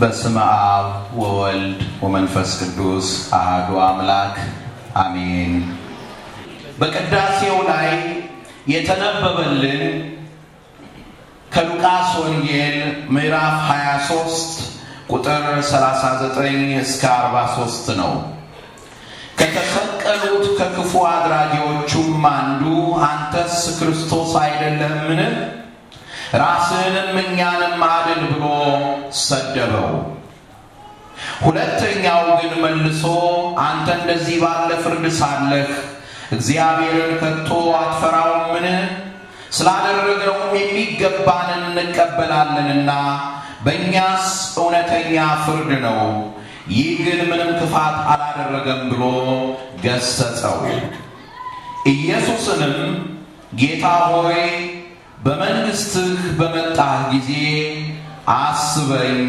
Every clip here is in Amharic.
በስመ አብ ወወልድ ወመንፈስ ቅዱስ አህዱ አምላክ አሜን። በቅዳሴው ላይ የተነበበልን ከሉቃስ ወንጌል ምዕራፍ 23 ቁጥር 39 እስከ 43 ነው። ከተሰቀሉት ከክፉ አድራጊዎቹም አንዱ አንተስ ክርስቶስ አይደለምን? ራስንም እኛንም አድን ብሎ ሰደበው። ሁለተኛው ግን መልሶ አንተ እንደዚህ ባለ ፍርድ ሳለህ እግዚአብሔርን ከቶ አትፈራውምን? ስላደረገውም የሚገባንን እንቀበላለንና በእኛስ እውነተኛ ፍርድ ነው። ይህ ግን ምንም ክፋት አላደረገም ብሎ ገሰጸው። ኢየሱስንም ጌታ ሆይ በመንግሥትህ በመጣህ ጊዜ አስበኝ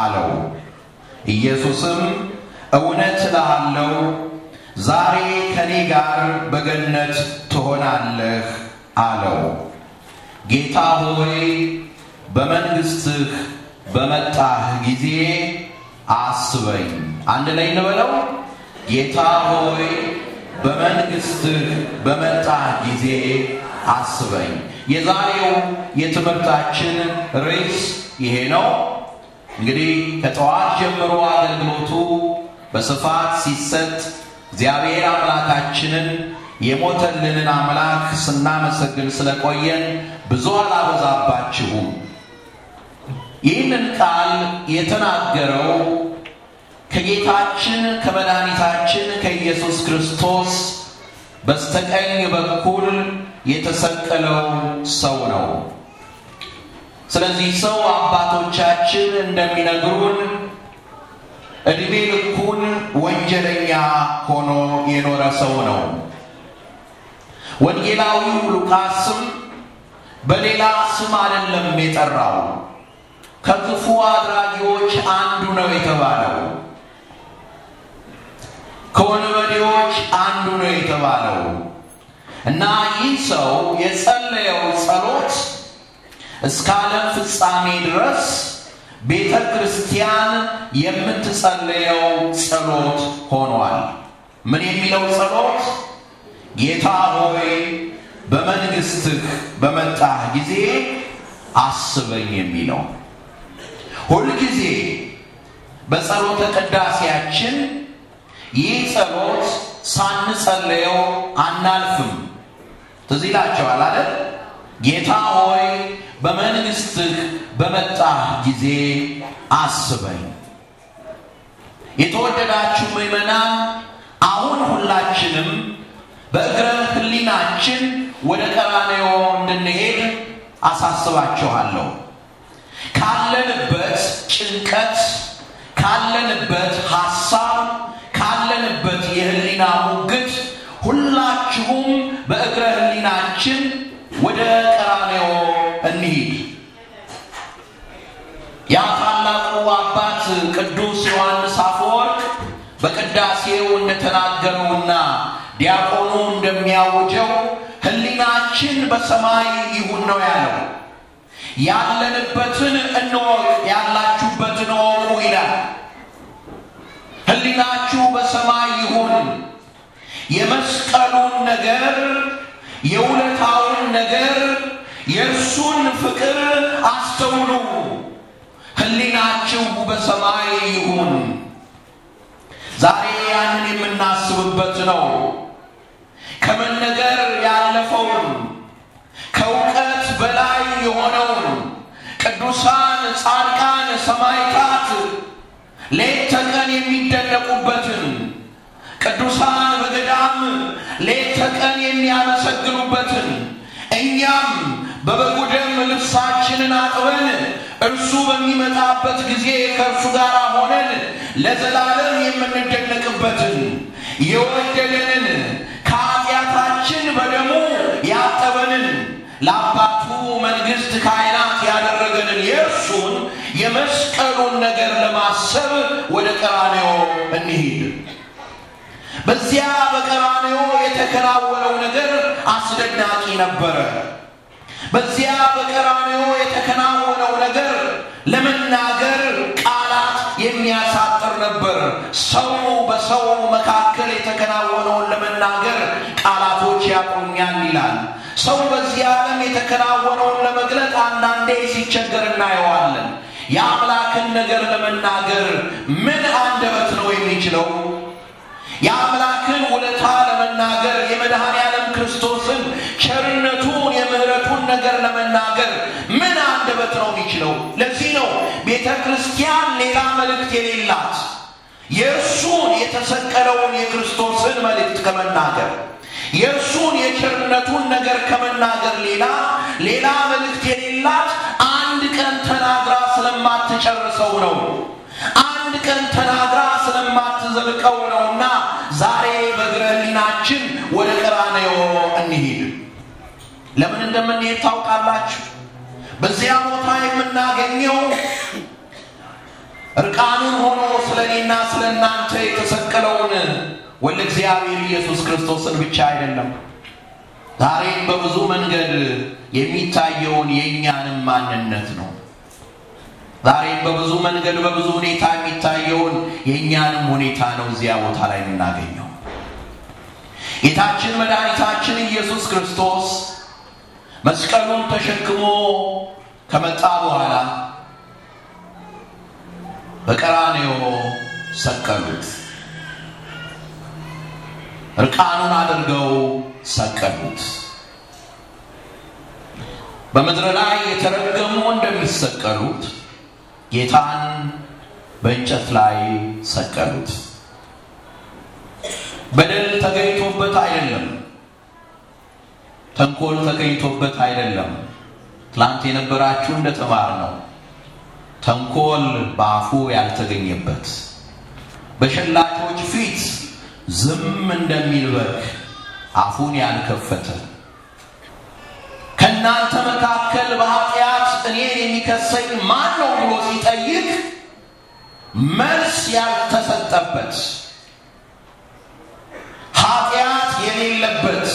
አለው። ኢየሱስም እውነት እልሃለሁ ዛሬ ከኔ ጋር በገነት ትሆናለህ አለው። ጌታ ሆይ በመንግሥትህ በመጣህ ጊዜ አስበኝ። አንድ ላይ እንበለው። ጌታ ሆይ በመንግሥትህ በመጣህ ጊዜ አስበኝ። የዛሬው የትምህርታችን ርዕስ ይሄ ነው። እንግዲህ ከጠዋት ጀምሮ አገልግሎቱ በስፋት ሲሰጥ እግዚአብሔር አምላካችንን የሞተልንን አምላክ ስናመሰግን ስለቆየን ብዙ አላበዛባችሁም። ይህንን ቃል የተናገረው ከጌታችን ከመድኃኒታችን ከኢየሱስ ክርስቶስ በስተቀኝ በኩል የተሰቀለው ሰው ነው። ስለዚህ ሰው አባቶቻችን እንደሚነግሩን እድሜ ልኩን ወንጀለኛ ሆኖ የኖረ ሰው ነው። ወንጌላዊው ሉቃስም በሌላ ስም አይደለም የጠራው፣ ከክፉ አድራጊዎች አንዱ ነው የተባለው፣ ከወንበዴዎች አንዱ ነው የተባለው እና ይህ ሰው የጸለየው ጸሎት እስከ ዓለም ፍጻሜ ድረስ ቤተ ክርስቲያን የምትጸለየው ጸሎት ሆኗል። ምን የሚለው ጸሎት? ጌታ ሆይ በመንግሥትህ በመጣህ ጊዜ አስበኝ የሚለው ሁልጊዜ በጸሎተ ቅዳሴያችን ይህ ጸሎት ሳንጸለየው አናልፍም። እዚህ ይላቸዋል አይደል? ጌታ ሆይ በመንግሥትህ በመጣህ ጊዜ አስበኝ። የተወደዳችሁ ምዕመናን፣ አሁን ሁላችንም በእግረ ህሊናችን ወደ ቀራንዮ እንድንሄድ አሳስባችኋለሁ። ካለንበት ጭንቀት፣ ካለንበት ሐሳብ፣ ካለንበት የሕሊና በእግረ ህሊናችን ወደ ቀራኔዎ እንሂድ። ያ ታላቁ አባት ቅዱስ ዮሐንስ አፈወርቅ በቅዳሴው እንደተናገረውና ዲያቆኑ እንደሚያውጀው ህሊናችን በሰማይ ይሁን ነው ያለው። ያለንበትን እንወቅ፣ ያላችሁበትን እወቁ ይላል። ህሊናችሁ በሰማይ ይሁን የመስቀሉን ነገር የውለታውን ነገር የእርሱን ፍቅር አስተውሉ። ሕሊናችሁ በሰማይ ይሁን። ዛሬ ያንን የምናስብበት ነው። ከመነገር ያለፈውን ከእውቀት በላይ የሆነውን ቅዱሳን፣ ጻድቃን፣ ሰማዕታት ሌት ተቀን የሚደነቁበትን ቅዱሳን በገዳም ሌት ተቀን የሚያመሰግኑበትን እኛም በበጉ ደም ልብሳችንን አጥበን እርሱ በሚመጣበት ጊዜ ከእርሱ ጋር ሆነን ለዘላለም የምንደነቅበትን የወደደንን ከኃጢአታችን በደሙ ያጠበንን ለአባቱ መንግሥት ካይናት ያደረገንን የእርሱን የመስቀሉን ነገር ለማሰብ ወደ ቀራንዮ እንሂድ። በዚያ በቀራንዮ የተከናወነው ነገር አስደናቂ ነበረ። በዚያ በቀራንዮ የተከናወነው ነገር ለመናገር ቃላት የሚያሳጥር ነበር። ሰው በሰው መካከል የተከናወነውን ለመናገር ቃላቶች ያቆኛል ይላል። ሰው በዚህ ዓለም የተከናወነውን ለመግለጥ አንዳንዴ ሲቸገር እናየዋለን። የአምላክን ነገር ለመናገር ምን አንደበት ነው የሚችለው? የአምላክን ውለታ ለመናገር የመድኃኔ ዓለም ክርስቶስን ቸርነቱን የምህረቱን ነገር ለመናገር ምን አንደበት ነው የሚችለው? ለዚህ ነው ቤተ ክርስቲያን ሌላ መልእክት የሌላት የእርሱን የተሰቀለውን የክርስቶስን መልእክት ከመናገር የእርሱን የቸርነቱን ነገር ከመናገር ሌላ ሌላ መልእክት የሌላት አንድ ቀን ተናግራ ስለማትጨርሰው ነው። አንድ ቀን ተናግራ ስለማትዘልቀው ነውና ዛሬ በእግረ ህሊናችን ወደ ቀራንዮ እንሄድ ለምን እንደምንሄድ ታውቃላችሁ? በዚያ ቦታ የምናገኘው እርቃኑን ሆኖ ስለ እኔና ስለ እናንተ የተሰቀለውን ወልደ እግዚአብሔር ኢየሱስ ክርስቶስን ብቻ አይደለም፣ ዛሬም በብዙ መንገድ የሚታየውን የእኛንም ማንነት ነው። ዛሬም በብዙ መንገድ በብዙ ሁኔታ የሚታየውን የእኛንም ሁኔታ ነው እዚያ ቦታ ላይ የምናገኘው። ጌታችን መድኃኒታችን ኢየሱስ ክርስቶስ መስቀሉን ተሸክሞ ከመጣ በኋላ በቀራኔዮ ሰቀሉት። እርቃኑን አድርገው ሰቀሉት። በምድር ላይ የተረገሙ እንደሚሰቀሉት ጌታን በእንጨት ላይ ሰቀሉት። በደል ተገኝቶበት አይደለም። ተንኮል ተገኝቶበት አይደለም። ትላንት የነበራችሁ እንደተማር ነው። ተንኮል በአፉ ያልተገኘበት በሸላቾች ፊት ዝም እንደሚልበክ አፉን ያልከፈተ ከእናንተ መካከል በኃጢአት እኔን የሚከሰኝ ማን ነው ብሎ ሲጠይቅ መልስ ያልተሰጠበት ኃጢአት የሌለበት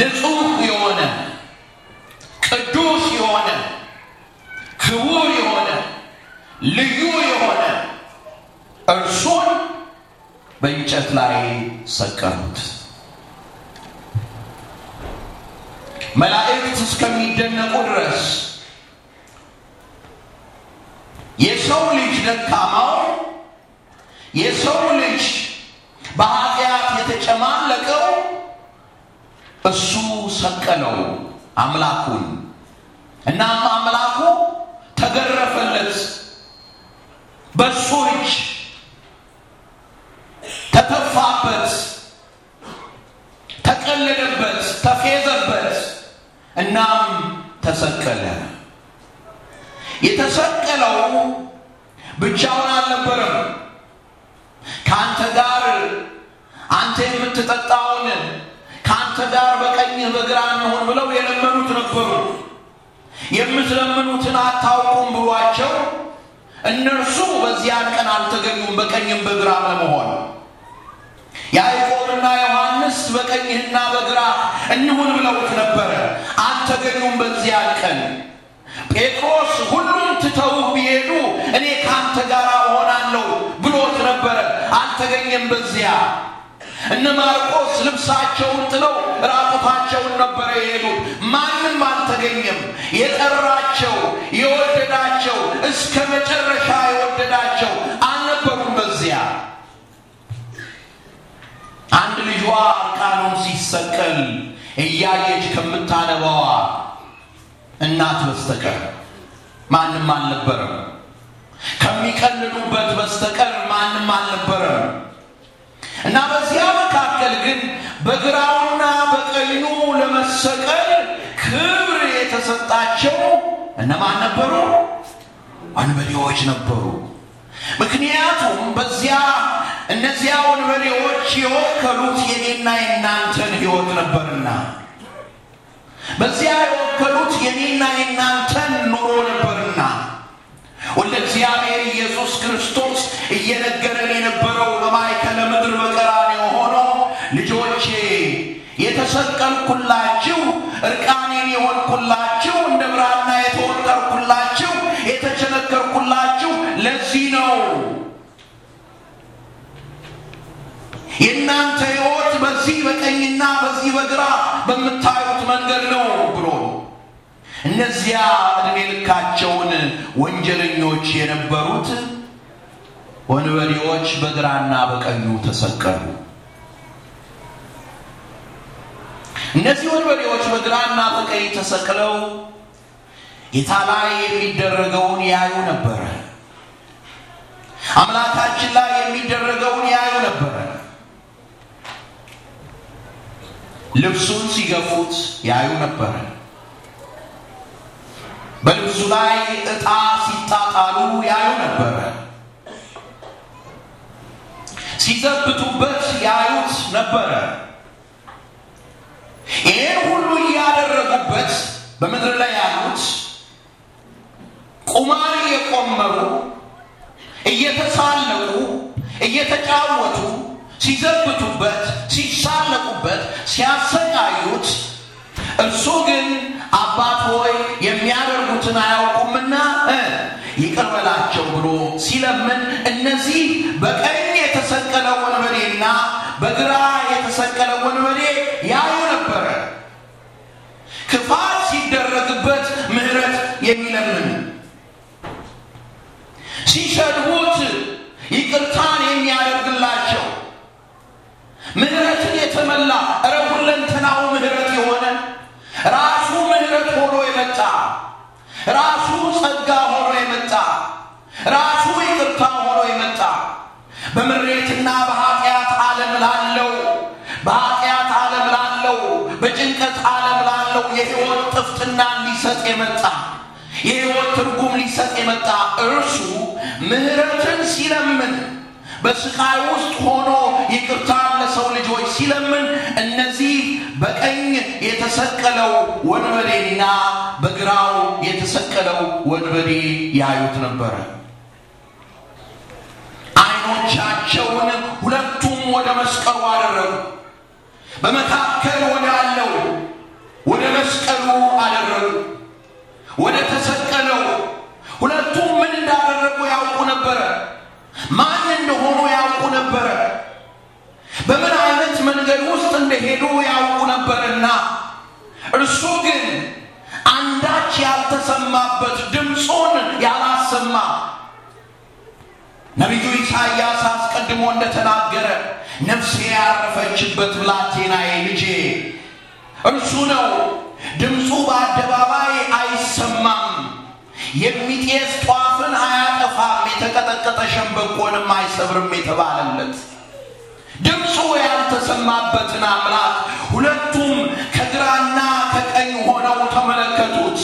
ንጹሕ የሆነ ቅዱስ የሆነ ክቡር የሆነ ልዩ የሆነ እርሱን በእንጨት ላይ ሰቀሉት። መላእክት እስከሚደነቁ ድረስ የሰው ልጅ ደካማው የሰው ልጅ በኃጢአት የተጨማለቀው እሱ ሰቀለው አምላኩን። እናም አምላኩ ተገረፈለት፣ በሶች እጅ ተተፋበት፣ ተቀለደበት፣ ተፌዘበት። እናም ተሰቀለ። የተሰቀለው ብቻውን አልነበረም። ከአንተ ጋር አንተ የምትጠጣውን ከአንተ ጋር በቀኝህ በግራ እንሆን ብለው የለመኑት ነበሩ። የምትለምኑትን አታውቁም ብሏቸው እነርሱ በዚያን ቀን አልተገኙም፣ በቀኝም በግራም ለመሆን ያዕቆብና መንግስት በቀኝህና በግራ እንሁን ብለውት ነበረ። አልተገኙም በዚያ ቀን። ጴጥሮስ ሁሉም ትተው ቢሄዱ እኔ ከአንተ ጋር እሆናለሁ ብሎት ነበረ። አልተገኘም በዚያ እነ ማርቆስ ልብሳቸውን ጥለው ራቁታቸውን ነበረ የሄዱት። ማንም አልተገኘም። የጠራቸው የወደዳቸው እስከ መጨረሻ የወደዳቸው ልጇ እርቃኑን ሲሰቀል እያየች ከምታነባዋ እናት በስተቀር ማንም አልነበረም። ከሚቀልሉበት በስተቀር ማንም አልነበረም እና በዚያ መካከል ግን በግራውና በቀኙ ለመሰቀል ክብር የተሰጣቸው እነማን ነበሩ? ወንበዴዎች ነበሩ። ምክንያቱም በዚያ እነዚያ ወንበዴዎች የወከሉት የኔና የናንተን ህይወት ነበርና በዚያ የወከሉት የኔና የናንተን ኑሮ ነበርና ወደ እግዚአብሔር ኢየሱስ ክርስቶስ እየነገረን የነበረው በማይከለ ምድር በቀራንዮ ሆኖ ልጆቼ የተሰቀልኩላችሁ እርቃኔን የሆንኩላችሁ እንደ ብራ የእናንተ ህይወት በዚህ በቀኝና በዚህ በግራ በምታዩት መንገድ ነው ብሎ እነዚያ እድሜ ልካቸውን ወንጀለኞች የነበሩት ወንበዴዎች በግራና በቀኙ ተሰቀሉ። እነዚህ ወንበዴዎች በግራና በቀኝ ተሰቅለው ጌታ ላይ የሚደረገውን ያዩ ነበረ። አምላካችን ላይ የሚደረገውን ያዩ ነበረ። ልብሱን ሲገፉት ያዩ ነበረ። በልብሱ ላይ እጣ ሲጣጣሉ ያዩ ነበረ። ሲዘብቱበት ያዩት ነበረ። ይህን ሁሉ እያደረጉበት በምድር ላይ ያሉት ቁማር እየቆመሩ እየተሳለቁ እየተጫወቱ ሲዘብቱበት፣ ሲሳለቁበት፣ ሲያሰቃዩት እርሱ ግን አባት ሆይ የሚያደርጉትን አያውቁምና ይቅር በላቸው ብሎ ሲለምን እነዚህ በቀኝ የተሰቀለ ወንበዴና በግራ የተሰቀለ ወንበዴ ያዩ ነበረ። ክፋት ሲደረግበት ምሕረት የሚለምን ሲሰድቡት ይቅርታን ምህረትን የተመላ እረ ምህረት የሆነ ራሱ ምህረት ሆኖ የመጣ ራሱ ጸጋ ሆኖ የመጣ ራሱ ይቅርታ ሆኖ የመጣ በምሬትና በኃጢአት ዓለም ላለው በኃጢአት ዓለም ላለው በጭንቀት ዓለም ላለው የሕይወት ጥፍትና ሊሰጥ የመጣ የሕይወት ትርጉም ሊሰጥ የመጣ እርሱ ምህረትን ሲለምን በስቃይ ውስጥ ሆኖ ይቅርታን ለሰው ልጆች ሲለምን እነዚህ በቀኝ የተሰቀለው ወንበዴና በግራው የተሰቀለው ወንበዴ ያዩት ነበረ። አይኖቻቸውን ሁለቱም ወደ መስቀሉ አደረጉ። በመካከል ወዳለው ወደ መስቀሉ አደረጉ። ወደ ተሰቀለው ሁለቱም ምን እንዳደረጉ ያውቁ ነበረ። ማን እንደሆኑ ያውቁ ነበረ። በምን አይነት መንገድ ውስጥ እንደሄዱ ያውቁ ነበርና እርሱ ግን አንዳች ያልተሰማበት ድምፁን ያላሰማ ነቢዩ ኢሳያስ አስቀድሞ እንደተናገረ ነፍሴ ያረፈችበት ብላቴናዬ ልጄ እርሱ ነው። ድምፁ በአደባባይ አይሰማም። የሚጤስ ጧፍን አያጠፋም የተቀጠቀጠ ሸንበቆንም አይሰብርም የተባለለት ድምፁ ያልተሰማበትን አምላክ ሁለቱም ከግራና ከቀኝ ሆነው ተመለከቱት።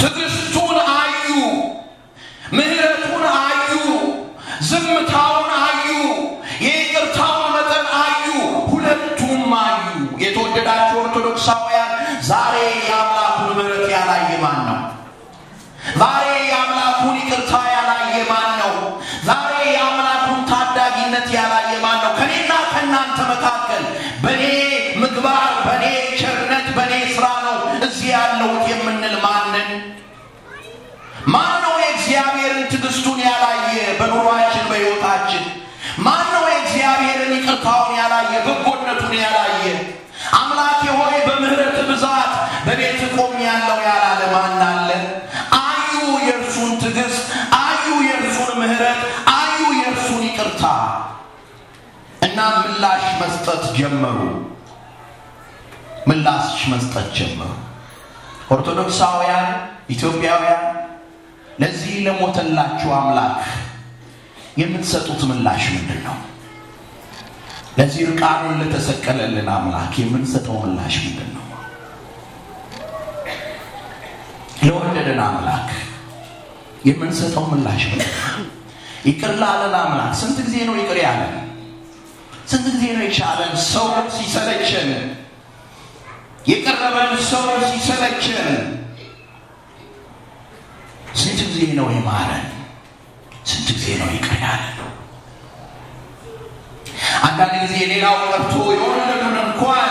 ትዕግስቱን አዩ፣ ምሕረቱን አዩ፣ ዝምታ በእናንተ መካከል በእኔ ምግባር፣ በእኔ ቸርነት፣ በእኔ ስራ ነው እዚህ ያለሁት የምንል ማንን ማን ነው? የእግዚአብሔርን ትግስቱን ያላየ በኑሯችን በሕይወታችን ማን ነው? የእግዚአብሔርን ይቅርታውን ያላየ በጎነቱን ያላየ አምላኬ ሆይ በምህረት ብዛት በቤት ቆም ያለው ያላለ ማና መስጠት ጀመሩ። ምላሽ መስጠት ጀመሩ። ኦርቶዶክሳውያን ኢትዮጵያውያን ለዚህ ለሞተላችሁ አምላክ የምትሰጡት ምላሽ ምንድን ነው? ለዚህ እርቃኑን ለተሰቀለልን አምላክ የምንሰጠው ምላሽ ምንድን ነው? ለወደደን አምላክ የምንሰጠው ምላሽ ምንድን ነው? ይቅር ላለን አምላክ ስንት ጊዜ ነው ይቅር ያለን? ስንት ጊዜ ነው የቻለን ሰው ሲሰለችን የቀረበን ሰው ሲሰለችን ስንት ጊዜ ነው የማረን? ስንት ጊዜ ነው ይቅር አንዳንድ ጊዜ ሌላው ቀርቶ የሆነ ነገር እንኳን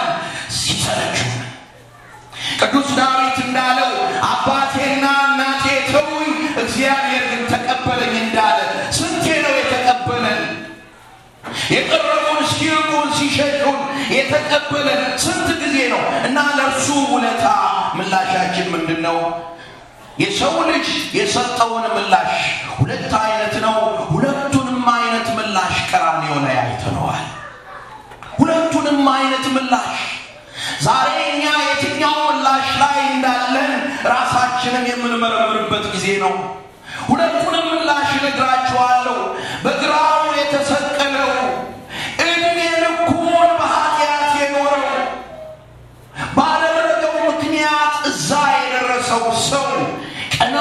ሲሰለችው ቅዱስ ዳዊት እንዳለው አባ ሲሸጡን የተቀበለ ስንት ጊዜ ነው እና ለእርሱ ውለታ ምላሻችን ምንድን ነው? የሰው ልጅ የሰጠውን ምላሽ ሁለት አይነት ነው። ሁለቱንም አይነት ምላሽ ቀራን የሆነ ያይተነዋል ሁለቱንም አይነት ምላሽ ዛሬ እኛ የትኛው ምላሽ ላይ እንዳለን ራሳችንን የምንመረምርበት ጊዜ ነው። ሁለቱንም ምላሽ እነግራችኋለሁ። በግራው የተሰ ሰው ቀና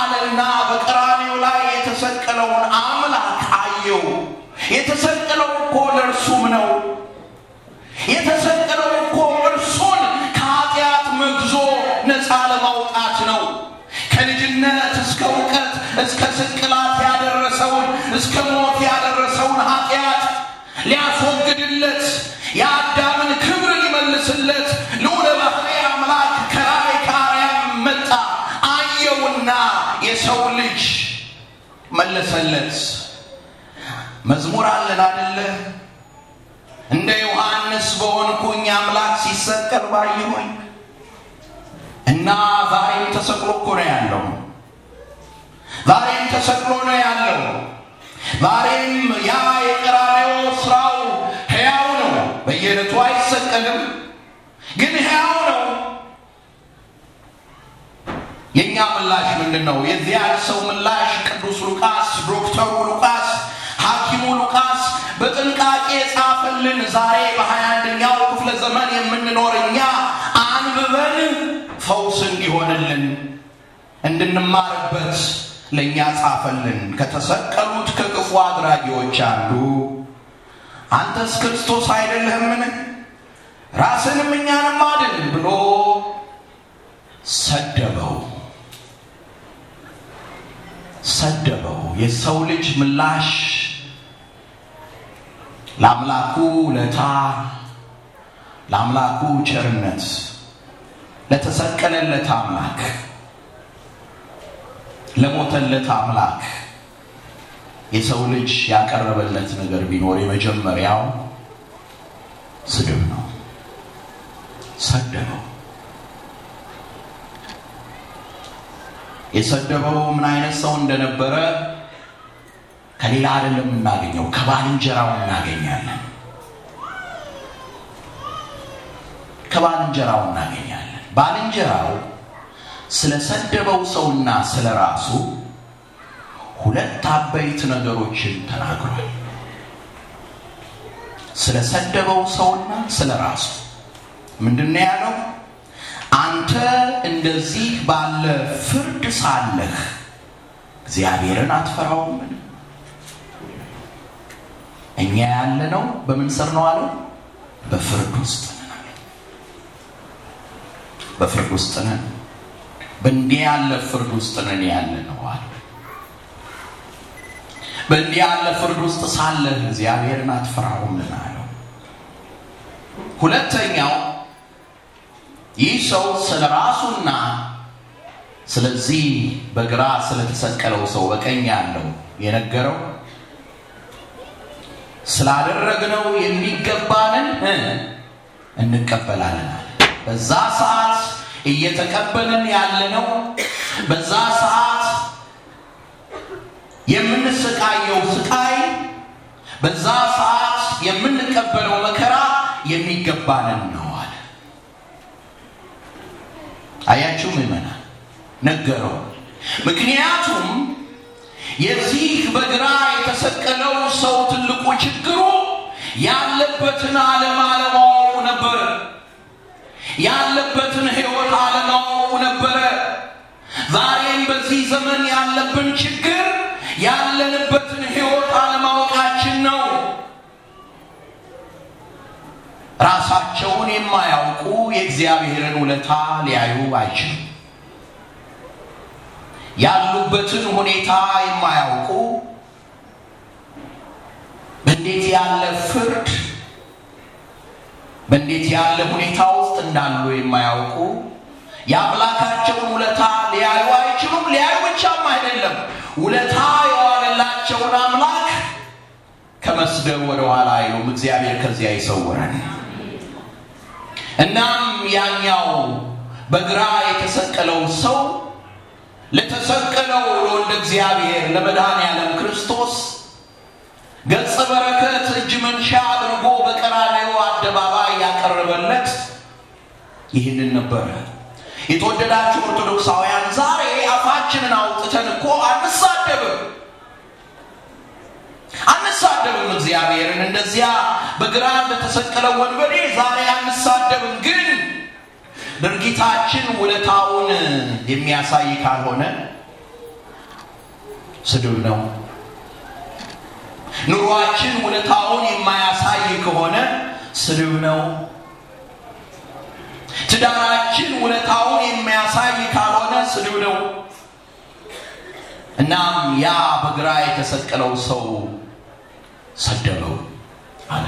አለና በቀራኔው ላይ የተሰቀለውን አምላክ አየው። መለሰለት። መዝሙር አለን አደለ? እንደ ዮሐንስ በሆንኩኝ አምላክ ሲሰቀል ባየሁኝ እና ዛሬም ተሰቅሎ እኮ ነው ያለው። ዛሬም ተሰቅሎ ነው ያለው። ዛሬም ያ የቀራንዮ ስራው ሕያው ነው። በየዕለቱ አይሰቀልም፣ ግን ሕያው ነው። የእኛ ምላሽ ምንድን ነው? የዚያ ሰው ምላሽ ሉቃስ ዶክተሩ ሉቃስ ሐኪሙ ሉቃስ በጥንቃቄ ጻፈልን። ዛሬ በሀያ አንደኛው ክፍለ ዘመን የምንኖር እኛ አንብበን ፈውስ እንዲሆንልን እንድንማርበት ለእኛ ጻፈልን። ከተሰቀሉት ከክፉ አድራጊዎች አንዱ አንተስ ክርስቶስ አይደለህምን? ራስንም እኛንም አድን ብሎ ሰደበው። ሰደበው። የሰው ልጅ ምላሽ ለአምላኩ ለታ ለአምላኩ ቸርነት ለተሰቀለለት አምላክ ለሞተለት አምላክ የሰው ልጅ ያቀረበለት ነገር ቢኖር የመጀመሪያው ስድብ ነው። ሰደበው። የሰደበው ምን አይነት ሰው እንደነበረ ከሌላ አይደለም የምናገኘው፣ ከባልንጀራው እናገኛለን። ከባልንጀራው እናገኛለን። ባልንጀራው ስለሰደበው ሰውና ስለ ራሱ ሁለት አበይት ነገሮችን ተናግሯል። ስለሰደበው ሰውና ስለ ራሱ ምንድን ነው ያለው? አንተ እንደዚህ ባለ ፍርድ ሳለህ እግዚአብሔርን አትፈራውምን? እኛ ያለ ነው በምን ስር ነው አለ? በፍርድ ውስጥ ነን በፍርድ ውስጥ ነን፣ በእንዲህ ያለ ፍርድ ውስጥ ነን ያለ ነው አለ። በእንዲህ ያለ ፍርድ ውስጥ ሳለህ እግዚአብሔርን አትፈራውምን አለው። ሁለተኛው ይህ ሰው ስለ ራሱና ስለዚህ በግራ ስለተሰቀለው ሰው በቀኝ ያለው የነገረው ስላደረግነው የሚገባንን እንቀበላለን። በዛ ሰዓት እየተቀበልን ያለነው በዛ ሰዓት የምንሰቃየው ስቃይ፣ በዛ ሰዓት የምንቀበለው መከራ የሚገባንን ነው። አያችሁ ምመና ነገረው። ምክንያቱም የዚህ በግራ የተሰቀለው ሰው ትልቁ ችግሩ ያለበትን ዓለም አለማወቁ ነበረ። ያለበትን ሕይወት አለማወቁ ነበረ። ዛሬም በዚህ ዘመን ያለብን ችግር ያለንበትን ሕይወት ራሳቸውን የማያውቁ የእግዚአብሔርን ውለታ ሊያዩ አይችሉም። ያሉበትን ሁኔታ የማያውቁ በእንዴት ያለ ፍርድ በእንዴት ያለ ሁኔታ ውስጥ እንዳሉ የማያውቁ የአምላካቸውን ውለታ ሊያዩ አይችሉም። ሊያዩ ብቻም አይደለም ውለታ የዋለላቸውን አምላክ ከመስደብ ወደኋላ አይሉም። እግዚአብሔር ከዚያ ይሰውረን። እናም ያኛው በግራ የተሰቀለው ሰው ለተሰቀለው ለወልደ እግዚአብሔር ለመድኃኔ ያለም ክርስቶስ ገጸ በረከት እጅ መንሻ አድርጎ በቀራኔው አደባባይ ያቀረበለት ይህንን ነበረ። የተወደዳችሁ ኦርቶዶክሳውያን ዛሬ አፋችንን አውጥተን እኮ አንሳደብም። አንሳደብም እግዚአብሔርን እንደዚያ በግራ በተሰቀለው ወንበዴ ዛሬ አንሳደብም ግን ድርጊታችን ውለታውን የሚያሳይ ካልሆነ ስድብ ነው ኑሯችን ውለታውን የማያሳይ ከሆነ ስድብ ነው ትዳራችን ውለታውን የሚያሳይ ካልሆነ ስድብ ነው እናም ያ በግራ የተሰቀለው ሰው ሰደበው አለ።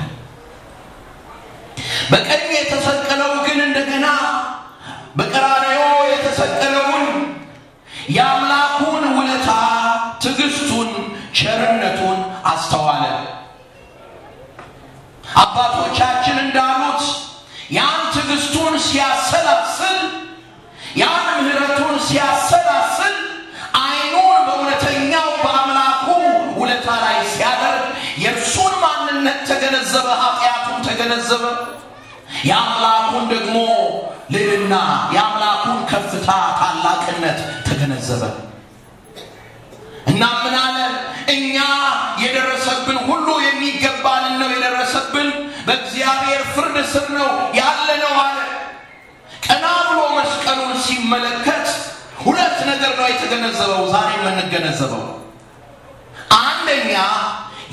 በቀኝ የተሰቀለው ግን እንደገና በቀራንዮ የተሰቀለውን የአምላኩን ውለታ፣ ትዕግስቱን፣ ቸርነቱን አስተዋለ። አባቶቻችን እንዳሉት ያን ትዕግስቱን ሲያሰላስል ያን ምህረቱን ሲያስ ተገነዘበ፣ ኃጢአቱን ተገነዘበ። የአምላኩን ደግሞ ልዕልና የአምላኩን ከፍታ ታላቅነት ተገነዘበ እና ምን አለ? እኛ የደረሰብን ሁሉ የሚገባንን ነው የደረሰብን፣ በእግዚአብሔር ፍርድ ስር ነው ያለ ነው አለ። ቀና ብሎ መስቀሉን ሲመለከት ሁለት ነገር ነው የተገነዘበው፣ ዛሬ የምንገነዘበው አንደኛ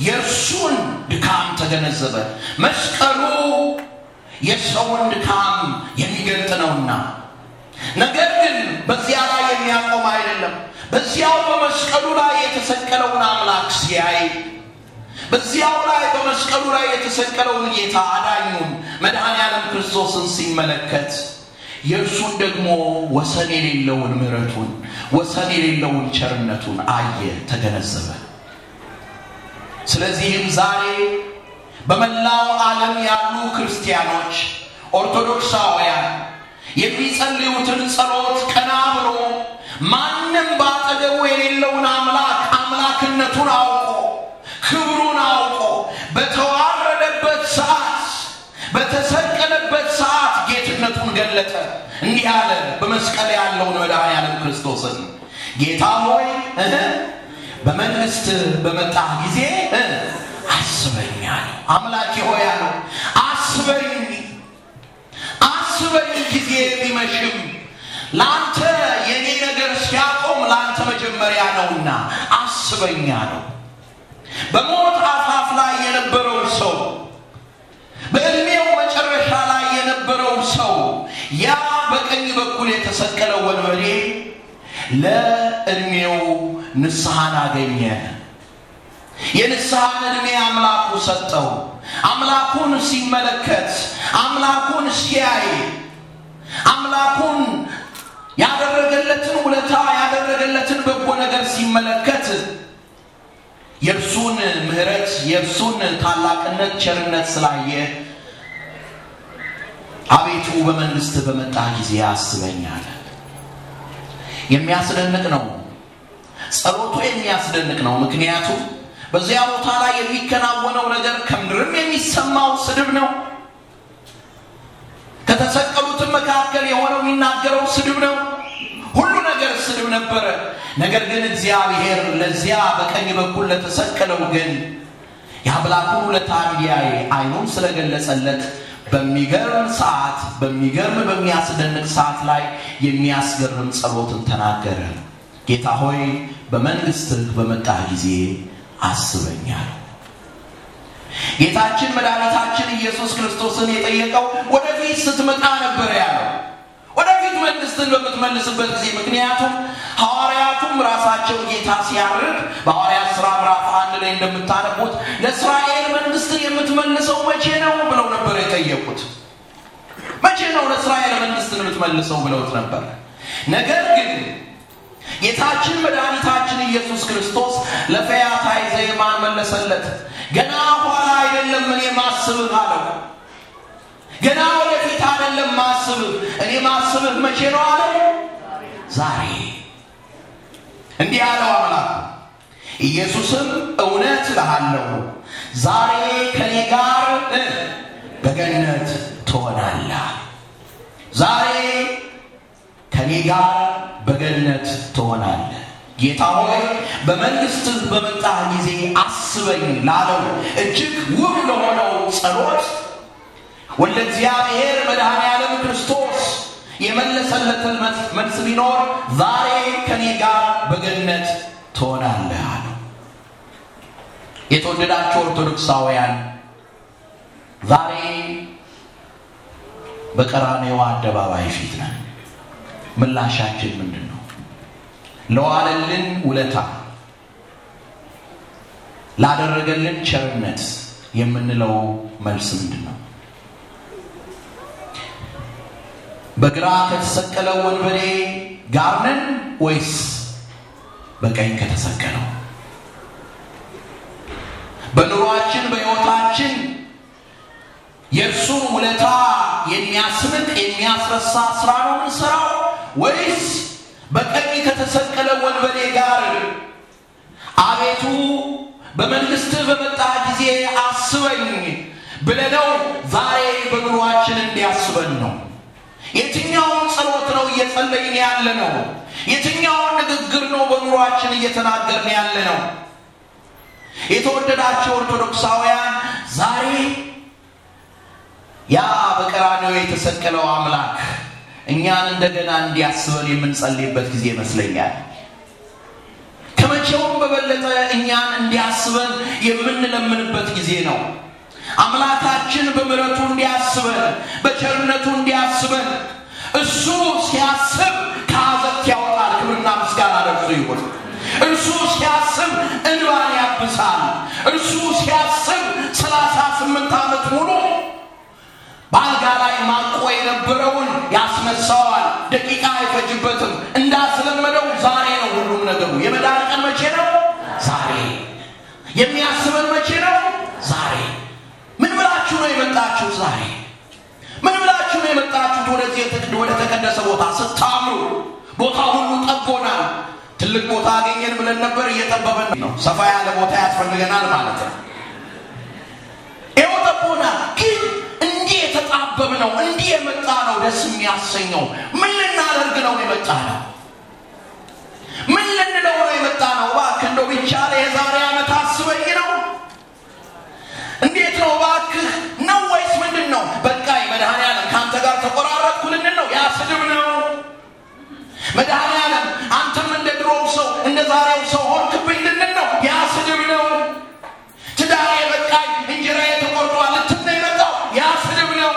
የእርሱን ድካም ተገነዘበ። መስቀሉ የሰውን ድካም የሚገልጥ ነውና፣ ነገር ግን በዚያ ላይ የሚያቆም አይደለም። በዚያው በመስቀሉ ላይ የተሰቀለውን አምላክ ሲያይ በዚያው ላይ በመስቀሉ ላይ የተሰቀለውን ጌታ አዳኙን መድኃኔ ያለም ክርስቶስን ሲመለከት የእርሱን ደግሞ ወሰን የሌለውን ምሕረቱን ወሰን የሌለውን ቸርነቱን አየ፣ ተገነዘበ። ስለዚህም ዛሬ በመላው ዓለም ያሉ ክርስቲያኖች፣ ኦርቶዶክሳውያን የሚጸልዩትን ጸሎት ቀና ብሎ ማንም በአጠገቡ የሌለውን አምላክ አምላክነቱን አውቆ ክብሩን አውቆ በተዋረደበት ሰዓት በተሰቀለበት ሰዓት ጌትነቱን ገለጠ። እንዲህ አለ፣ በመስቀል ያለውን መድኃኔ ዓለም ክርስቶስን ጌታ ሆይ በመንግስት በመጣ ጊዜ አስበኝ አለው። አምላኬ ሆይ አለው አስበኝ፣ አስበኝ ጊዜ ቢመሽም ለአንተ የኔ ነገር ሲያቆም ለአንተ መጀመሪያ ነውና አስበኝ አለው። በሞት አፋፍ ላይ የነበረው ሰው በእድሜው መጨረሻ ላይ የነበረው ሰው ያ በቀኝ በኩል የተሰቀለው ወንበዴ ለእድሜው ንስሐን አገኘ። የንስሐን እድሜ አምላኩ ሰጠው። አምላኩን ሲመለከት፣ አምላኩን ሲያይ፣ አምላኩን ያደረገለትን ውለታ ያደረገለትን በጎ ነገር ሲመለከት የእርሱን ምህረት፣ የእርሱን ታላቅነት ቸርነት ስላየ አቤቱ በመንግስት በመጣ ጊዜ አስበኛል። የሚያስደንቅ ነው። ጸሎቱ የሚያስደንቅ ነው። ምክንያቱም በዚያ ቦታ ላይ የሚከናወነው ነገር ከምድርም የሚሰማው ስድብ ነው። ከተሰቀሉትም መካከል የሆነው የሚናገረው ስድብ ነው። ሁሉ ነገር ስድብ ነበረ። ነገር ግን እግዚአብሔር ለዚያ በቀኝ በኩል ለተሰቀለው ግን የአምላኩን ውለታ እንዲያይ ስለገለጸለት በሚገርም ሰዓት በሚገርም በሚያስደንቅ ሰዓት ላይ የሚያስገርም ጸሎትን ተናገረ። ጌታ ሆይ በመንግሥትህ በመጣ ጊዜ አስበኛል። ጌታችን መድኃኒታችን ኢየሱስ ክርስቶስን የጠየቀው ወደፊት ስትመጣ ነበር ያለው። ወደፊት መንግስትን በምትመልስበት ጊዜ ምክንያቱም ሐዋርያቱም ራሳቸው ጌታ ሲያርግ በሐዋርያ ስራ ምራፍ አንድ ላይ እንደምታነቡት ለእስራኤል መንግስትን የምትመልሰው መቼ ነው ብለው ነበር የጠየቁት። መቼ ነው ለእስራኤል መንግስትን የምትመልሰው ብለውት ነበር። ነገር ግን ጌታችን መድኃኒታችን ኢየሱስ ክርስቶስ ለፈያታይዘ የማን መለሰለት? ገና ኋላ አይደለም ምን የማስብህ አለው። ገና ወደፊት አይደለም ማስብህ። እኔ ማስብህ መቼ ነው አለ? ዛሬ። እንዲህ አለው አምላክ ኢየሱስም እውነት እልሃለሁ ዛሬ ከኔ ጋር በገነት ትሆናላ ዛሬ ከኔ ጋር በገነት ትሆናለ ጌታ ሆይ በመንግስት በመጣህ ጊዜ አስበኝ ላለው እጅግ ውብ ለሆነው ጸሎት ወደ እግዚአብሔር መድኃኔ ዓለም ክርስቶስ የመለሰለትን መልስ ቢኖር ዛሬ ከኔ ጋር በገነት ትሆናለህ አለ። የተወደዳችሁ ኦርቶዶክሳውያን ዛሬ በቀራኔዋ አደባባይ ፊት ነን። ምላሻችን ምንድን ነው? ለዋለልን ውለታ ላደረገልን ቸርነት የምንለው መልስ ምንድን ነው? በግራ ከተሰቀለው ወንበዴ ጋር ነን ወይስ በቀኝ ከተሰቀለው? በኑሯችን በሕይወታችን የእርሱን ውለታ የሚያስምቅ የሚያስረሳ ስራ ነው የምንሰራው ወይስ በቀኝ ከተሰቀለ ወንበዴ ጋር አቤቱ በመንግስት በመጣ ጊዜ አስበኝ ብለነው ዛሬ በኑሯችን እንዲያስበን ነው። የትኛውን ጸሎት ነው እየጸለይን ያለ ነው? የትኛውን ንግግር ነው በኑሯችን እየተናገርን ያለ ነው? የተወደዳቸው ኦርቶዶክሳውያን ዛሬ ያ በቀራኔው የተሰቀለው አምላክ እኛን እንደገና እንዲያስበን የምንጸልይበት ጊዜ ይመስለኛል። ከመቼውም በበለጠ እኛን እንዲያስበን የምንለምንበት ጊዜ ነው። አምላካችን በምረቱ እንዲያስበን በቸርነቱ እንዲያስበን እሱ ሲያስብ ከአዘት ያወጣል። ክብርና ምስጋና ለእርሱ ይሁን። እርሱ ሲያስብ እንባን ያብሳል። እርሱ ሲያስብ ሰላሳ ስምንት ዓመት ሙሉ በአልጋ ላይ ማቆ የነበረውን ያስነሳዋል። ደቂቃ አይፈጅበትም። ላይ ምን ብላችሁ ነው የመጣችሁት? ወደዚህ ወደ ተቀደሰ ቦታ ስታምሩ ቦታ ሁሉ ጠቦናል። ትልቅ ቦታ አገኘን ብለን ነበር፣ እየጠበበን ነው። ሰፋ ያለ ቦታ ያስፈልገናል ማለት ነው። ይኸው ግን እንዲህ የተጣበብ ነው፣ እንዲህ የመጣ ነው ደስ የሚያሰኘው። ምን ልናደርግ ነው የመጣ ነው? ምን ልንለው ነው የመጣ ነው? ባክ እንደው ብቻ የዛሬ ዓመት አስበኝ ነው። እንዴት ነው ባክህ ነው። በቃ መድኃኔዓለም ከአንተ ጋር ተቆራረጥኩ ልንል ነው። ያ ስድብ ነው። መድኃኔዓለም አንተም እንደ ድሮው ሰው እንደ ዛሬው ሰው ሆንክብኝ ልንል ነው። ያ ስድብ ነው። ትዳሬ በቃኝ፣ እንጀራዬ ተቆርጧል ልትል ነው የመጣው። ያ ስድብ ነው።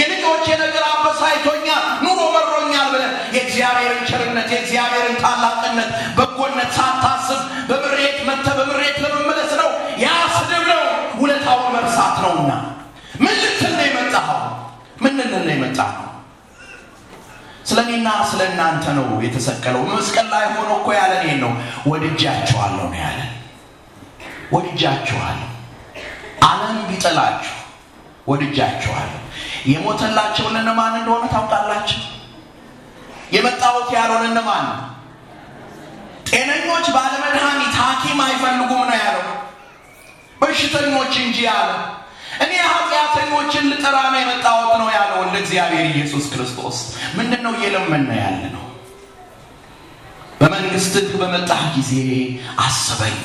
የልጆቼ ነገር አበሳይቶኛል፣ ኑሮ መሮኛል ብለን የእግዚአብሔርን ቸርነት የእግዚአብሔርን ታላቅነት በጎነት ሳታስብ በምሬት መተ በምሬት ለመመለስ ነው። ያ ስድብ ነው። ውለታውን መርሳት ነውና ምን ነው የመጣኸው? ምን ነው የመጣኸው? ስለ እኔና ስለ እናንተ ነው የተሰቀለው። መስቀል ላይ ሆኖ እኮ ያለ እኔን ነው። ወድጃችኋለሁ ነው ያለ። ወድጃችኋለሁ። ዓለም ቢጠላችሁ ወድጃችኋለሁ። የሞተላቸው እነማን እንደሆነ ታውቃላችሁ? የመጣሁት ያልሆነ እነማን ነው? ጤነኞች ባለመድኃኒት ሐኪም አይፈልጉም ነው ያለው። በሽተኞች እንጂ ያለ እኔ ኃጢአተኞችን ልጠራ ነው የመጣሁት ነው ያለው ለእግዚአብሔር ኢየሱስ ክርስቶስ ምንድን ነው እየለመን ያለ ነው። በመንግስትህ በመጣህ ጊዜ አስበኝ።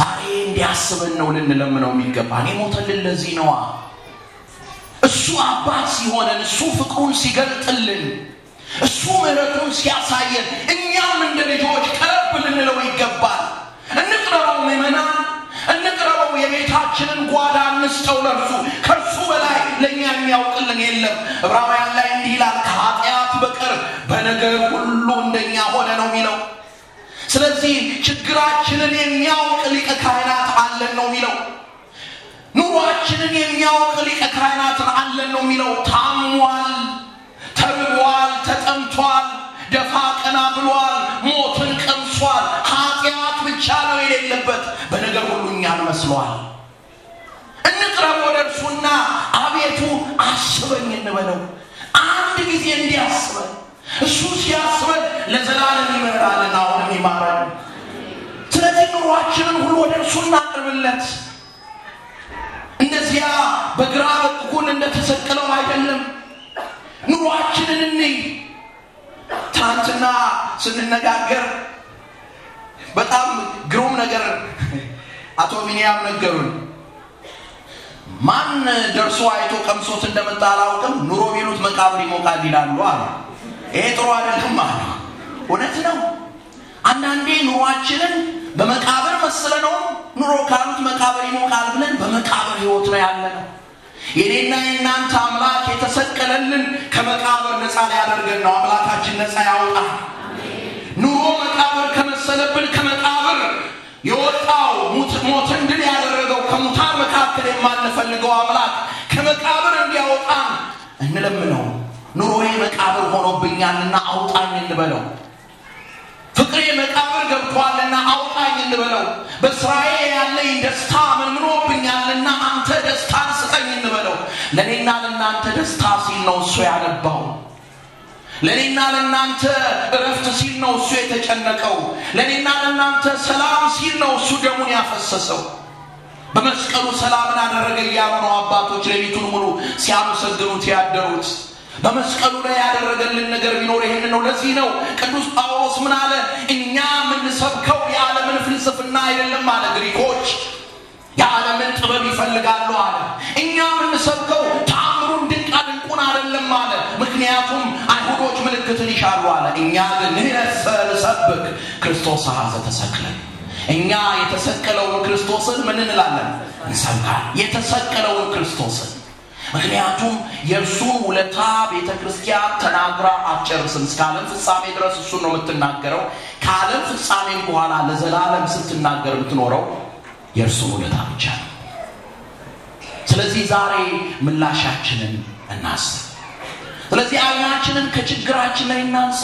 ዛሬ እንዲያስበን ነው ልንለምነው የሚገባ። እኔ ሞተልን ለዚህ ነዋ። እሱ አባት ሲሆነን፣ እሱ ፍቅሩን ሲገልጥልን፣ እሱ ምረቱን ሲያሳየን እኛም እንደ ልጆች ቀረብ ልንለው ይገባል። እንቅረበው ምመና እንቅረ የቤታችንን ጓዳ እንስጠው ለርሱ። ከእርሱ በላይ ለእኛ የሚያውቅልን የለም። ዕብራውያን ላይ እንዲህ ይላል፣ ከኃጢአት በቀር በነገር ሁሉ እንደኛ ሆነ ነው የሚለው። ስለዚህ ችግራችንን የሚያውቅ ሊቀ ካህናት አለን ነው የሚለው። ኑሯችንን የሚያውቅ ሊቀ ካህናትን አለን ነው የሚለው። ታሟል፣ ተርቧል፣ ተጠምቷል፣ ደፋ ቀና ብሏል፣ ሞትን ቀምሷል መስሏል። እንቅረብ ወደ እርሱና አቤቱ አስበኝ እንበለው። አንድ ጊዜ እንዲያስበን እሱ ሲያስበን ለዘላለም ይመራለን አሁንም ይማረን። ስለዚህ ኑሯችንን ሁሉ ወደ እርሱ እናቅርብለት። እነዚያ በግራ በኩል እንደተሰቀለው አይደለም። ኑሯችንን እንይ። ትናንትና ስንነጋገር በጣም ግሩም ነገር አቶ ቢንያም ነገሩን። ማን ደርሶ አይቶ ቀምሶት እንደመጣ አላውቅም። ኑሮ ቢሉት መቃብር ይሞቃል ይላሉ አለ። ይሄ ጥሩ አይደለም አለ። እውነት ነው። አንዳንዴ ኑሯችንን በመቃብር መስለ ነው ኑሮ ካሉት መቃብር ይሞቃል ብለን በመቃብር ህይወት ነው ያለ ነው። የኔና የእናንተ አምላክ የተሰቀለልን ከመቃብር ነፃ ሊያደርገን ነው። አምላካችን ነፃ ያወጣል። ኑሮ መቃብር ከመሰለብን ከመቃብር የወጣው ሞትን ድል ያደረገው ከሙታን መካከል የማንፈልገው አምላክ ከመቃብር እንዲያወጣን እንለምነው። ኑሮዬ መቃብር ሆኖብኛልና አውጣኝ እንበለው። ፍቅሬ መቃብር ገብቷልና አውጣኝ እንበለው። በስራዬ ያለኝ ደስታ መንምኖብኛልና አንተ ደስታን ስጠኝ እንበለው። ለእኔና ለእናንተ ደስታ ሲል ነው እሱ ያነባው። ለእኔና ለእናንተ እረፍት ሲል ነው እሱ የተጨነቀው። ለእኔና ለእናንተ ሰላም ሲል ነው እሱ ደሙን ያፈሰሰው። በመስቀሉ ሰላምን አደረገ እያሉ ነው አባቶች ሌሊቱን ሙሉ ሲያመሰግኑት ያደሩት። በመስቀሉ ላይ ያደረገልን ነገር ቢኖር ይህን ነው። ለዚህ ነው ቅዱስ ጳውሎስ ምን አለ? እኛ የምንሰብከው የዓለምን ፍልስፍና አይደለም አለ። ግሪኮች የዓለምን ጥበብ ይፈልጋሉ አለ። እኛ የምንሰብከው ምልክትን ይሻሉ አለ። እኛ ግን ንህለፈ ንሰብክ ክርስቶስ ሀዘ ተሰቅለ እኛ የተሰቀለውን ክርስቶስን ምን እንላለን? እንሰብካል። የተሰቀለውን ክርስቶስን ምክንያቱም የእርሱን ውለታ ቤተ ክርስቲያን ተናግራ አትጨርስም። እስከ ዓለም ፍጻሜ ድረስ እሱን ነው የምትናገረው። ከዓለም ፍጻሜም በኋላ ለዘላለም ስትናገር የምትኖረው የእርሱን ውለታ ብቻ ነው። ስለዚህ ዛሬ ምላሻችንን እናስብ። ስለዚህ አይናችንን ከችግራችን ላይ እናንሳ።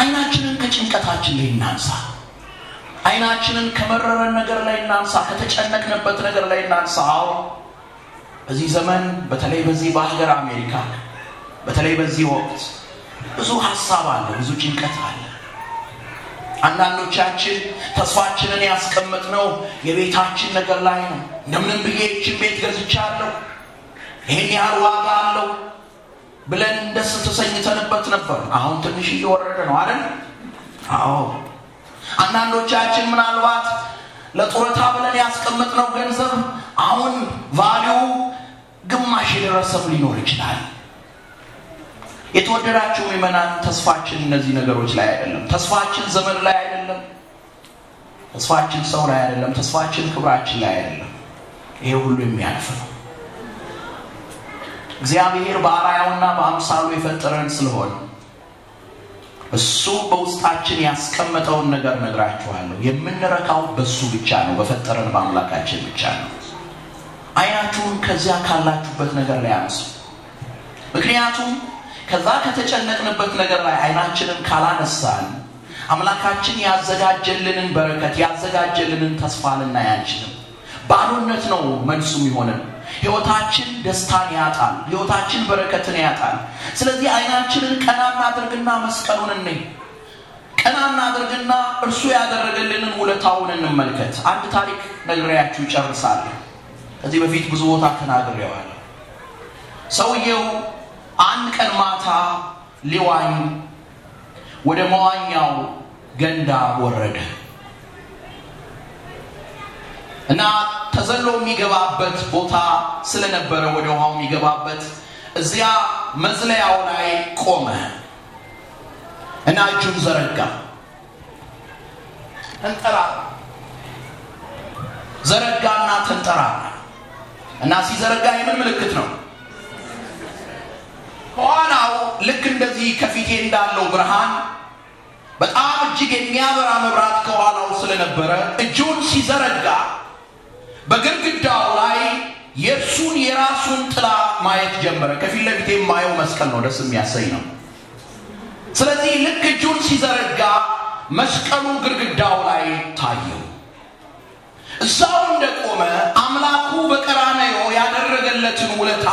አይናችንን ከጭንቀታችን ላይ እናንሳ። አይናችንን ከመረረን ነገር ላይ እናንሳ። ከተጨነቅንበት ነገር ላይ እናንሳ። አዎ በዚህ ዘመን በተለይ በዚህ በሀገር አሜሪካ በተለይ በዚህ ወቅት ብዙ ሀሳብ አለ፣ ብዙ ጭንቀት አለ። አንዳንዶቻችን ተስፋችንን ያስቀመጥነው የቤታችን ነገር ላይ ነው። እንደምንም ብዬ ይችን ቤት ገዝቻለሁ፣ ይህን ያህል ዋጋ አለው ብለን ደስ ተሰኝተንበት ነበር። አሁን ትንሽ እየወረደ ነው አይደል? አዎ። አንዳንዶቻችን ምናልባት ለጡረታ ብለን ያስቀመጥነው ገንዘብ አሁን ቫሊዩ ግማሽ የደረሰም ሊኖር ይችላል። የተወደዳችሁ ምዕመናን፣ ተስፋችን እነዚህ ነገሮች ላይ አይደለም። ተስፋችን ዘመን ላይ አይደለም። ተስፋችን ሰው ላይ አይደለም። ተስፋችን ክብራችን ላይ አይደለም። ይሄ ሁሉ የሚያልፍ ነው። እግዚአብሔር በአራያውና በአምሳሉ የፈጠረን ስለሆነ እሱ በውስጣችን ያስቀመጠውን ነገር ነግራችኋለሁ። የምንረካው በሱ ብቻ ነው፣ በፈጠረን በአምላካችን ብቻ ነው። አይናችሁን ከዚያ ካላችሁበት ነገር ላይ አንሱ። ምክንያቱም ከዛ ከተጨነቅንበት ነገር ላይ አይናችንን ካላነሳን አምላካችን ያዘጋጀልንን በረከት ያዘጋጀልንን ተስፋ ልናያንችልም አንችልም። ነው መልሱ የሚሆነን። ህይወታችን ደስታን ያጣል። ህይወታችን በረከትን ያጣል። ስለዚህ አይናችንን ቀና እናድርግና መስቀሉን እኔ ቀና እናድርግና እርሱ ያደረገልንን ውለታውን እንመልከት። አንድ ታሪክ ነግሬያችሁ ይጨርሳል። ከዚህ በፊት ብዙ ቦታ ተናግሬዋል ሰውየው አንድ ቀን ማታ ሊዋኝ ወደ መዋኛው ገንዳ ወረደ። እና ተዘሎ የሚገባበት ቦታ ስለነበረ ወደ ውሃው የሚገባበት እዚያ መዝለያው ላይ ቆመ እና እጁን ዘረጋ። ተንጠራ ዘረጋና ተንጠራ እና ሲዘረጋ የምን ምልክት ነው? ከኋላው ልክ እንደዚህ ከፊቴ እንዳለው ብርሃን በጣም እጅግ የሚያበራ መብራት ከኋላው ስለነበረ እጁን ሲዘረጋ በግድግዳው ላይ የእሱን የራሱን ጥላ ማየት ጀመረ። ከፊት ለፊት የማየው መስቀል ነው፣ ደስ የሚያሰኝ ነው። ስለዚህ ልክ እጁን ሲዘረጋ መስቀሉ ግድግዳው ላይ ታየው። እዛው እንደቆመ አምላኩ በቀራነዮ ያደረገለትን ውለታ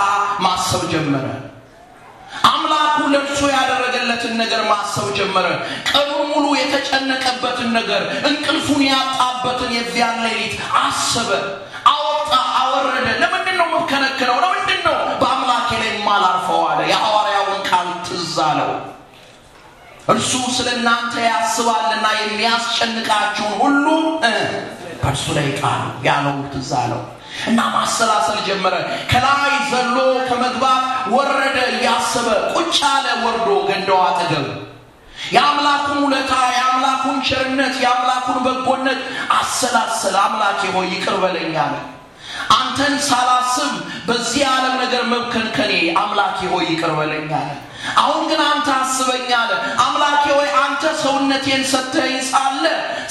ማሰብ ጀመረ። አምላኩ ለእርሱ ያደረገለትን ነገር ማሰብ ጀመረ። ቀኑን ሙሉ የተጨነቀበትን ነገር፣ እንቅልፉን ያጣበትን የዚያን ሌሊት አሰበ፣ አወጣ፣ አወረደ። ለምንድን ነው የምከነክነው? ለምንድን ነው በአምላኬ ላይ ማላርፈው አለ። የሐዋርያውን ቃል ትዝ አለው። እርሱ ስለ እናንተ ያስባልና የሚያስጨንቃችሁን ሁሉ በእርሱ ላይ ቃሉ ያለው ትዝ አለው። እና ማሰላሰል ጀመረ። ከላይ ዘሎ ከመግባት ወረደ እያሰበ ቁጭ አለ ወርዶ ገንዳው አጠገብ የአምላኩን ውለታ፣ የአምላኩን ቸርነት፣ የአምላኩን በጎነት አሰላሰል። አምላኬ ሆይ ይቅር በለኝ አለ። አንተን ሳላስብ በዚህ ዓለም ነገር መብከን ከኔ አምላኬ ሆይ ይቅር በለኝ አለ። አሁን ግን አንተ አስበኛለ አለ። አምላኬ ሆይ አንተ ሰውነቴን ሰተኝ ሳለ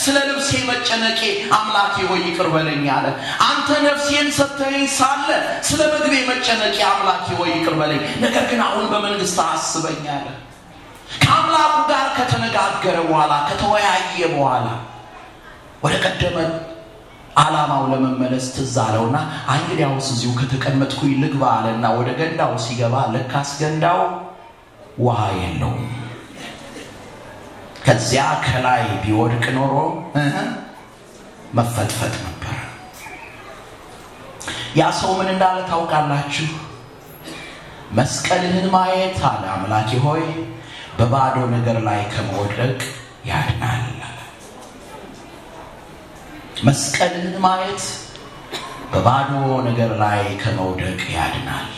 ስለ ልብሴ መጨነቄ አምላኬ ሆይ ይቅር በለኝ አለ። አንተ ነፍሴን ሰተኝ ሳለ ስለ ምግቤ መጨነቄ አምላኬ ሆይ ይቅር በለኝ፣ ነገር ግን አሁን በመንግስት አስበኛለ አለ። ከአምላኩ ጋር ከተነጋገረ በኋላ ከተወያየ በኋላ ወደ ቀደመ አላማው ለመመለስ ትዝ አለውና እንግዲያውስ እዚሁ ከተቀመጥኩኝ ልግባ አለና ወደ ገንዳው ሲገባ ለካስ ገንዳው ውሃ የለውም። ከዚያ ከላይ ቢወድቅ ኖሮ መፈትፈት ነበር። ያ ሰው ምን እንዳለ ታውቃላችሁ? መስቀልህን ማየት አለ አምላኪ ሆይ በባዶ ነገር ላይ ከመውደቅ ያድናል። መስቀልህን ማየት በባዶ ነገር ላይ ከመውደቅ ያድናል።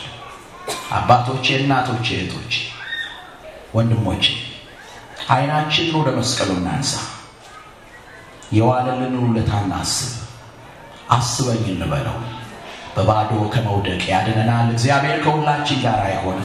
አባቶቼ፣ እናቶቼ፣ እህቶቼ ወንድሞች አይናችንን ወደ መስቀሉ እናንሳ። የዋለልን ውለታ እናስብ። አስበኝ እንበለው። በባዶ ከመውደቅ ያድነናል። እግዚአብሔር ከሁላችን ጋር አይሆን።